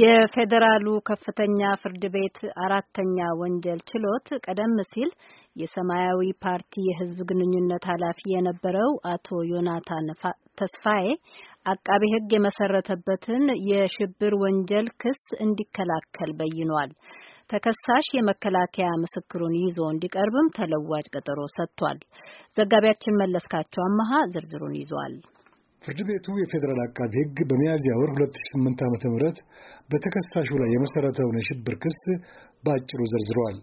የፌዴራሉ ከፍተኛ ፍርድ ቤት አራተኛ ወንጀል ችሎት ቀደም ሲል የሰማያዊ ፓርቲ የሕዝብ ግንኙነት ኃላፊ የነበረው አቶ ዮናታን ተስፋዬ አቃቤ ሕግ የመሰረተበትን የሽብር ወንጀል ክስ እንዲከላከል በይኗል። ተከሳሽ የመከላከያ ምስክሩን ይዞ እንዲቀርብም ተለዋጭ ቀጠሮ ሰጥቷል። ዘጋቢያችን መለስካቸው አመሃ ዝርዝሩን ይዟል። ፍርድ ቤቱ የፌዴራል አቃቢ ሕግ በሚያዝያ ወር 2008 ዓ ም በተከሳሹ ላይ የመሠረተውን የሽብር ክስ በአጭሩ ዘርዝረዋል።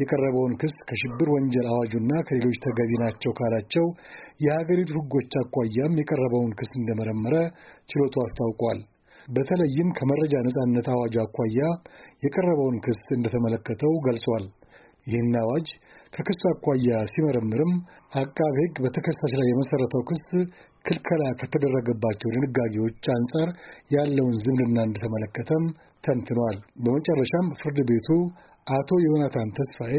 የቀረበውን ክስ ከሽብር ወንጀል አዋጁና ከሌሎች ተገቢ ናቸው ካላቸው የሀገሪቱ ሕጎች አኳያም የቀረበውን ክስ እንደመረመረ ችሎቱ አስታውቋል። በተለይም ከመረጃ ነፃነት አዋጅ አኳያ የቀረበውን ክስ እንደተመለከተው ገልጿል። ይህን አዋጅ ከክሱ አኳያ ሲመረምርም አቃቤ ሕግ በተከሳሽ ላይ የመሠረተው ክስ ክልከላ ከተደረገባቸው ድንጋጌዎች አንጻር ያለውን ዝምድና እንደተመለከተም ተንትኗል። በመጨረሻም ፍርድ ቤቱ አቶ ዮናታን ተስፋዬ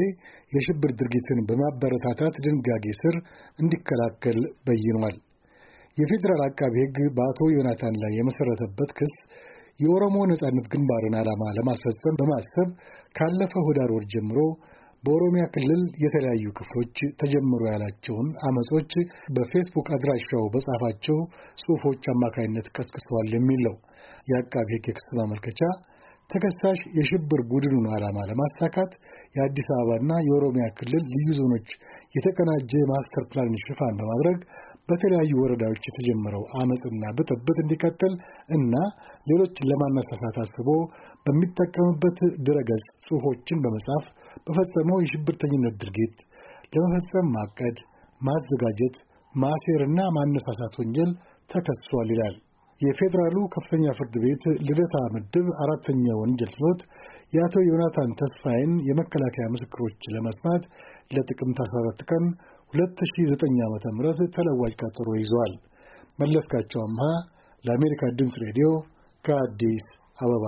የሽብር ድርጊትን በማበረታታት ድንጋጌ ስር እንዲከላከል በይኗል። የፌዴራል አቃቢ ሕግ በአቶ ዮናታን ላይ የመሰረተበት ክስ የኦሮሞ ነጻነት ግንባርን ዓላማ ለማስፈጸም በማሰብ ካለፈው ህዳር ወር ጀምሮ በኦሮሚያ ክልል የተለያዩ ክፍሎች ተጀምሮ ያላቸውን አመጾች በፌስቡክ አድራሻው በጻፋቸው ጽሁፎች አማካይነት ቀስቅሰዋል የሚል ነው። የአቃቢ ሕግ የክስ ማመልከቻ ተከሳሽ የሽብር ቡድኑን ዓላማ ለማሳካት የአዲስ አበባና የኦሮሚያ ክልል ልዩ ዞኖች የተቀናጀ ማስተር ፕላን ሽፋን በማድረግ በተለያዩ ወረዳዎች የተጀመረው አመፅና ብጥብጥ እንዲቀጥል እና ሌሎችን ለማነሳሳት አስቦ በሚጠቀምበት ድረገጽ ጽሑፎችን በመጻፍ በፈጸመው የሽብርተኝነት ድርጊት ለመፈጸም ማቀድ፣ ማዘጋጀት፣ ማሴርና ማነሳሳት ወንጀል ተከሷል ይላል። የፌዴራሉ ከፍተኛ ፍርድ ቤት ልደታ ምድብ አራተኛ ወንጀል ችሎት የአቶ ዮናታን ተስፋዬን የመከላከያ ምስክሮች ለመስማት ለጥቅምት 14 ቀን 2009 ዓ.ም ተለዋጭ ቀጠሮ ይዟል። መለስካቸው አምሃ ለአሜሪካ ድምፅ ሬዲዮ ከአዲስ አበባ